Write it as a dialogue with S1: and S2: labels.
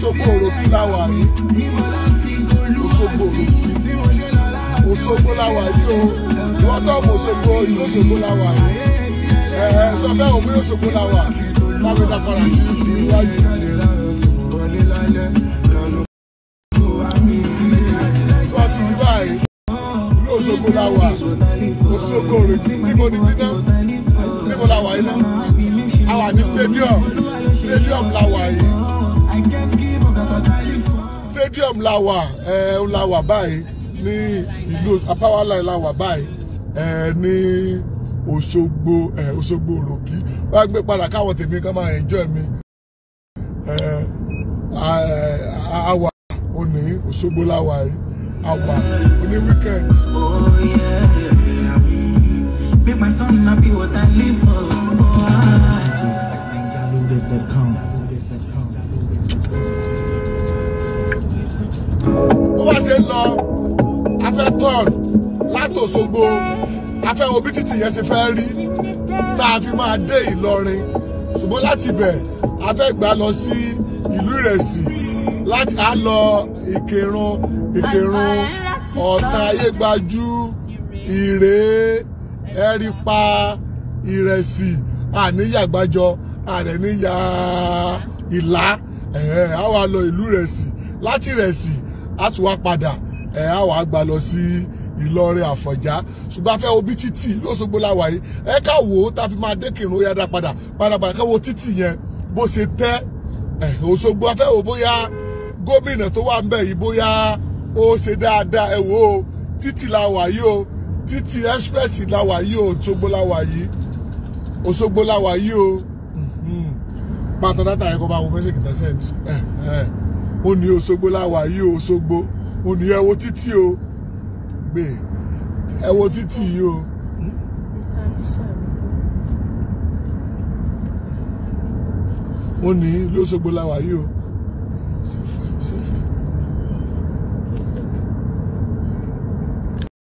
S1: Òṣogbo Òròbí láwà yìí Òṣogbo Òròbí Òṣogbo láwà yìí o wọ́n tọ́ mọ̀ Òṣogbo ìlú Òṣogbo láwà yìí ẹ̀ẹ́ sọ fẹ́ òun pé Òṣogbo láwà láwọn ìdápadà sí iwájú. tí wọ́n ti rí báyìí ní Òṣogbo láwà Òṣogbo Òròbí níbo ni gbígbá níbo láwà yìí náà a wà ní stadium stadium láwà yìí stadium la wà eh, la wà báyìí ní ìlú apáwálà la wà báyìí eh, ní Òṣogbo eh, Òṣogbo òròkì wọ́n gbé padà káwọn tèmi kan máa enjoy mi àwà òní Òṣogbo la wà yìí àwà òní weekend. Oh, Make my son happy what I live for. afẹ́ tọ́ọ̀n látòṣogbo afẹ́ obi títì yẹn ti fẹ́ rí tá a fi máa dé ìlọrin ṣùgbọ́n láti bẹ̀ afẹ́ gbà lọ sí ìlú ìrẹsì láti á lọ ìkírun ìkírun ọ̀tà ayégbájú ìrè ẹ̀rípa ìrẹsì àníyàgbájọ àrẹ̀níyà ìlà ẹ̀ẹ́ àwa lọ ìlú ìrẹsì láti ìrẹsì á tún wá padà ẹ̀ á wàá gbà lọ sí Ìlọrin Àfọ̀njá ṣùgbọ́n afẹ́ obi títì lóṣogbo láwa yìí ẹ ká wò ó tá a fi máa dé kírun ó yára padà padà padà ká wo títì yẹn bó ṣe tẹ́ ẹ̀ Òṣogbo afẹ́ wò bóyá gómìnà tó wà ń bẹ̀ yìí bóyá ó ṣe dáadáa ẹ wò ó títì láwa yìí o títì express láwa yìí o Òṣogbo láwa yìí Òṣogbo láwa yìí o mm-hmm. pàtó dátà yẹn kó bá wo mẹ́sẹ̀kì tẹ́sẹ̀ ó ní Òṣogbo láwa yìí o Òṣogbo mo ní ẹ wo títì o gbè ẹ wo títì yìí o. mo ní lóṣogbo làwà yìí o.